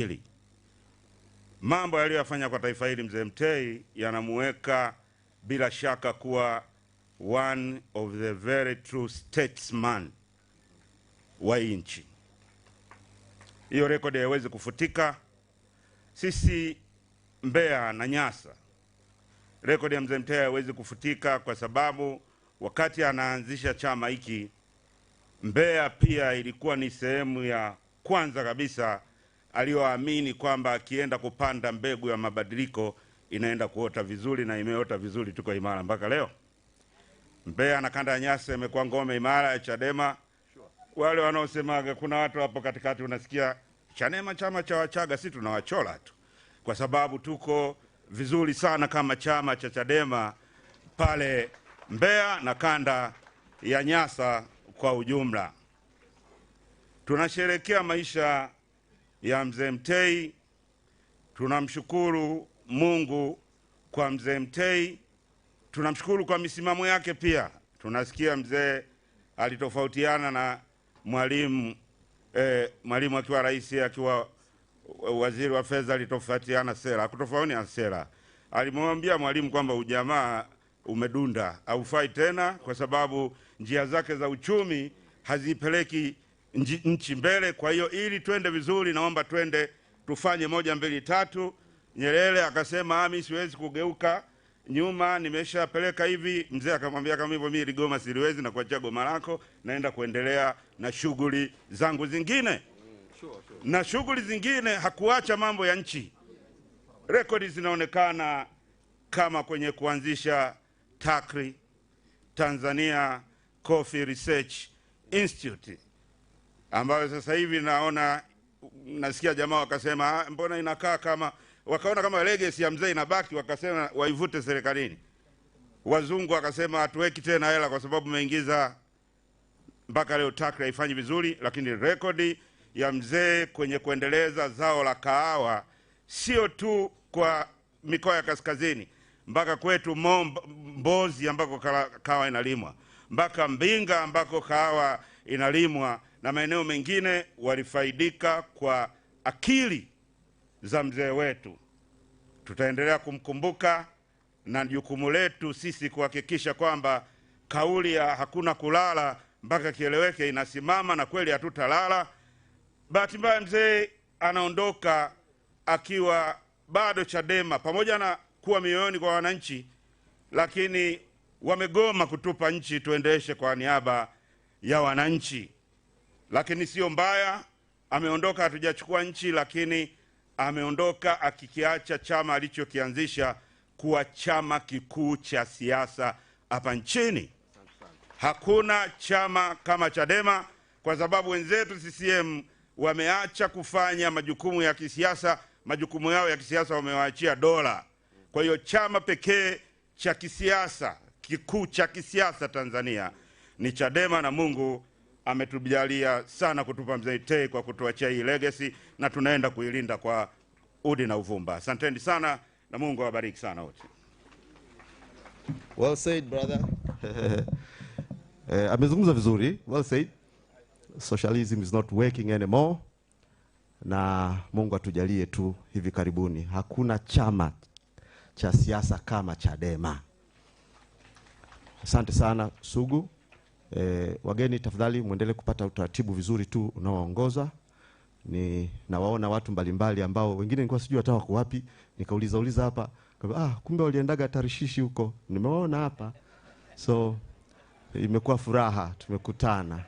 Hili mambo yaliyoyafanya kwa taifa hili mzee Mtei yanamuweka bila shaka kuwa one of the very true statesman wa nchi. Hiyo rekodi haiwezi kufutika. Sisi Mbeya na Nyasa, rekodi ya mzee Mtei haiwezi kufutika, kwa sababu wakati anaanzisha chama hiki Mbeya pia ilikuwa ni sehemu ya kwanza kabisa aliyoamini kwamba akienda kupanda mbegu ya mabadiliko inaenda kuota vizuri na imeota vizuri, tuko imara mpaka leo. Mbeya na kanda ya Nyasa imekuwa ngome imara ya Chadema. Wale wanaosemaga, kuna watu hapo katikati unasikia Chadema chama cha Wachaga, si tunawachola tu, kwa sababu tuko vizuri sana kama chama cha Chadema pale Mbeya na kanda ya Nyasa kwa ujumla. Tunasherekea maisha ya mzee Mtei. Tunamshukuru Mungu kwa mzee Mtei, tunamshukuru kwa misimamo yake pia. Tunasikia mzee alitofautiana na mwalimu eh, mwalimu akiwa rais, akiwa waziri wa fedha alitofautiana sera, hakutofautiana sera. Alimwambia mwalimu kwamba ujamaa umedunda, haufai tena, kwa sababu njia zake za uchumi hazipeleki nchi mbele. Kwa hiyo ili twende vizuri, naomba twende tufanye moja mbili tatu. Nyerere akasema ami, ah, siwezi kugeuka nyuma, nimeshapeleka hivi. Mzee akamwambia kama hivyo, mimi Ligoma siliwezi na kuachia goma lako, naenda kuendelea na shughuli zangu zingine. Na shughuli zingine hakuacha mambo ya nchi. Rekodi zinaonekana kama kwenye kuanzisha tari Tanzania Coffee Research Institute ambayo sasa hivi naona nasikia jamaa wakasema ah, mbona inakaa kama wakaona kama legacy ya mzee inabaki, wakasema waivute serikalini. Wazungu wakasema hatuweki tena hela kwa sababu umeingiza mpaka leo takri haifanyi vizuri, lakini rekodi ya mzee kwenye kuendeleza zao la kahawa sio tu kwa mikoa ya kaskazini, mpaka kwetu Mbozi ambako kahawa inalimwa, mpaka Mbinga ambako kahawa inalimwa na maeneo mengine walifaidika kwa akili za mzee wetu. Tutaendelea kumkumbuka na jukumu letu sisi kuhakikisha kwamba kauli ya hakuna kulala mpaka kieleweke inasimama, na kweli hatutalala. Bahati mbaya mzee anaondoka akiwa bado Chadema, pamoja na kuwa mioyoni kwa wananchi, lakini wamegoma kutupa nchi tuendeshe kwa niaba ya wananchi lakini sio mbaya. Ameondoka, hatujachukua nchi, lakini ameondoka akikiacha chama alichokianzisha kuwa chama kikuu cha siasa hapa nchini. Hakuna chama kama Chadema kwa sababu wenzetu CCM wameacha kufanya majukumu ya kisiasa, majukumu yao ya kisiasa wamewaachia dola. Kwa hiyo chama pekee cha kisiasa kikuu cha kisiasa Tanzania ni Chadema na Mungu ametujalia sana kutupa Mzeitei kwa kutuachia hii legacy na tunaenda kuilinda kwa udi na uvumba. Asanteni sana na Mungu awabariki sana wote. Well said brother. Eh, amezungumza vizuri. Well said. Socialism is not working anymore. Na Mungu atujalie tu hivi karibuni. Hakuna chama cha siasa kama Chadema. Asante sana Sugu. E, wageni tafadhali mwendelee kupata utaratibu vizuri tu unaoongoza. Ni nawaona watu mbalimbali ambao wengine nilikuwa sijui hata wako wapi, nikauliza uliza hapa, ah, kumbe waliendaga Tarishishi huko, nimeona hapa, so imekuwa furaha tumekutana.